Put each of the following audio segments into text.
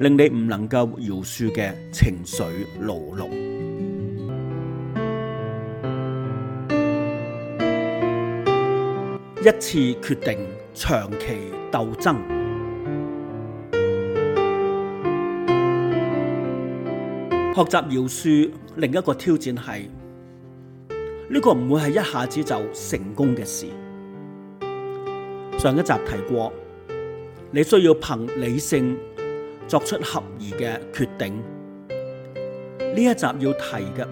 令你唔能夠饒恕嘅情緒牢籠，一次決定長期鬥爭。學習饒恕另一個挑戰係呢、這個唔會係一下子就成功嘅事。上一集提過，你需要憑理性。作出合宜嘅決定。呢一集要提嘅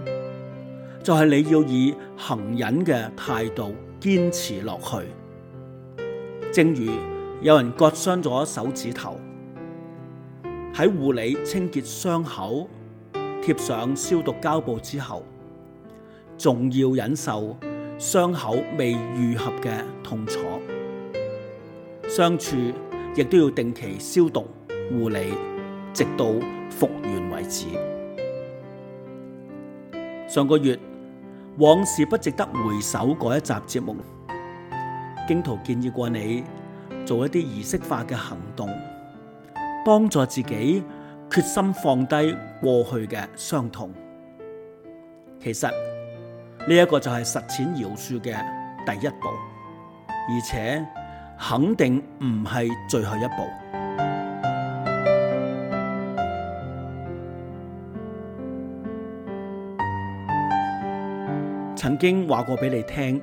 就係你要以恒忍嘅態度堅持落去。正如有人割傷咗手指頭，喺護理清潔傷口，貼上消毒膠布之後，仲要忍受傷口未癒合嘅痛楚。傷處亦都要定期消毒。護理，直到復原為止。上個月，往事不值得回首。嗰一集節目，荊徒建議過你做一啲儀式化嘅行動，幫助自己決心放低過去嘅傷痛。其實呢一，這個就係實踐饒恕嘅第一步，而且肯定唔係最後一步。曾經話過俾你聽，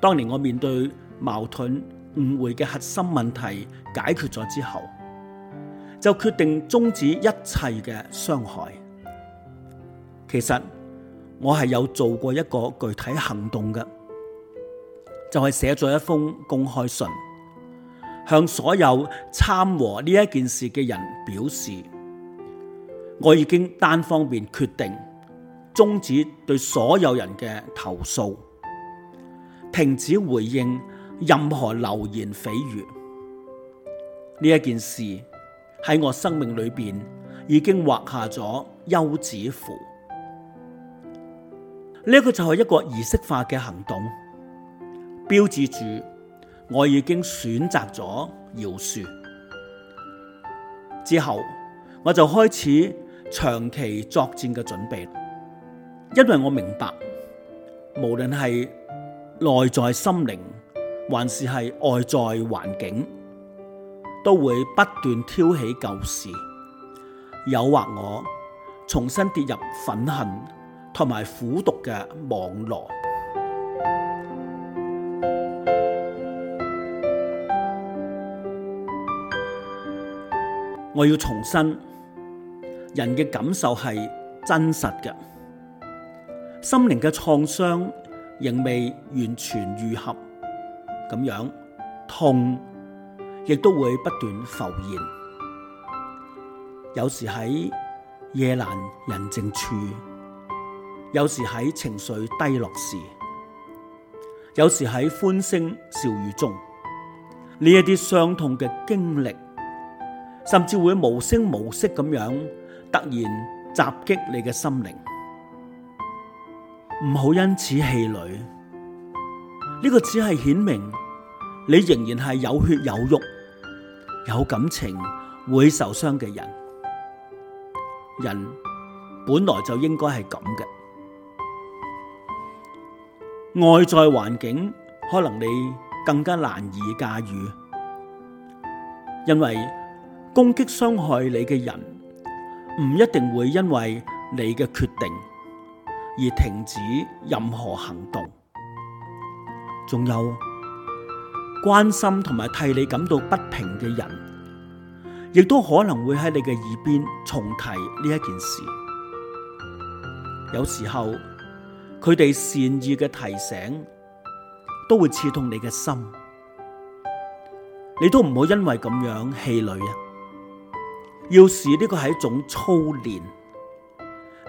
當年我面對矛盾誤會嘅核心問題解決咗之後，就決定終止一切嘅傷害。其實我係有做過一個具體行動嘅，就係寫咗一封公開信，向所有參和呢一件事嘅人表示，我已經單方面決定。終止對所有人嘅投訴，停止回應任何流言蜚語。呢一件事喺我生命裏邊已經畫下咗休止符。呢個就係一個儀式化嘅行動，標誌住我已經選擇咗饒恕。之後我就開始長期作戰嘅準備。因為我明白，無論係內在心靈，還是係外在環境，都會不斷挑起舊事，誘惑我重新跌入憤恨同埋苦毒嘅網絡。我要重申，人嘅感受係真實嘅。心靈嘅創傷仍未完全癒合，咁樣痛亦都會不斷浮現。有時喺夜闌人靜處，有時喺情緒低落時，有時喺歡聲笑語中，呢一啲傷痛嘅經歷，甚至會無聲無息咁樣突然襲擊你嘅心靈。唔好因此氣餒，呢個只係顯明你仍然係有血有肉、有感情、會受傷嘅人。人本來就應該係咁嘅，外在環境可能你更加難以駕馭，因為攻擊傷害你嘅人唔一定會因為你嘅決定。而停止任何行動，仲有關心同埋替你感到不平嘅人，亦都可能會喺你嘅耳邊重提呢一件事。有時候佢哋善意嘅提醒都會刺痛你嘅心，你都唔好因為咁樣氣餒啊！要視呢個係一種操練，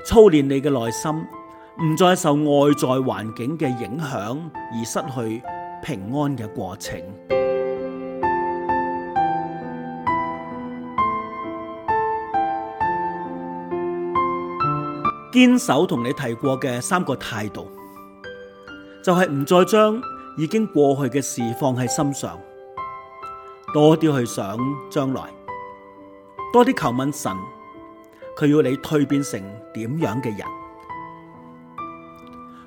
操練你嘅內心。唔再受外在環境嘅影響而失去平安嘅過程，堅守同你提過嘅三個態度，就係唔再將已經過去嘅事放喺心上，多啲去想將來，多啲求問神，佢要你蛻變成點樣嘅人。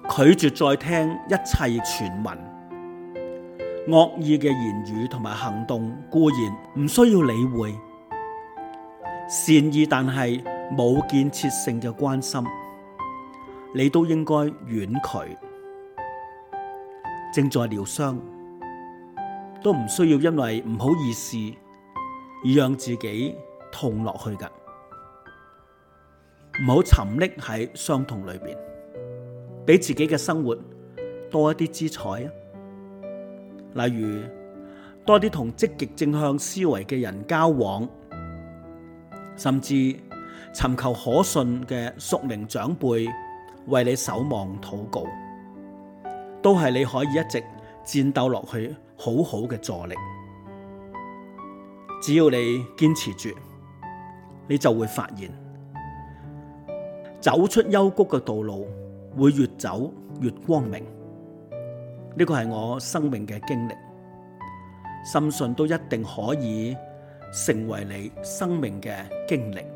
拒絕再聽一切傳聞，惡意嘅言語同埋行動固然唔需要理會，善意但係冇建設性嘅關心，你都應該婉拒。正在療傷，都唔需要因為唔好意思而讓自己痛落去㗎，唔好沉溺喺傷痛裏邊。俾自己嘅生活多一啲姿彩啊！例如多啲同積極正向思維嘅人交往，甚至尋求可信嘅熟齡長輩為你守望禱告，都係你可以一直戰鬥落去好好嘅助力。只要你堅持住，你就會發現走出幽谷嘅道路。會越走越光明，呢個係我生命嘅經歷，深信都一定可以成為你生命嘅經歷。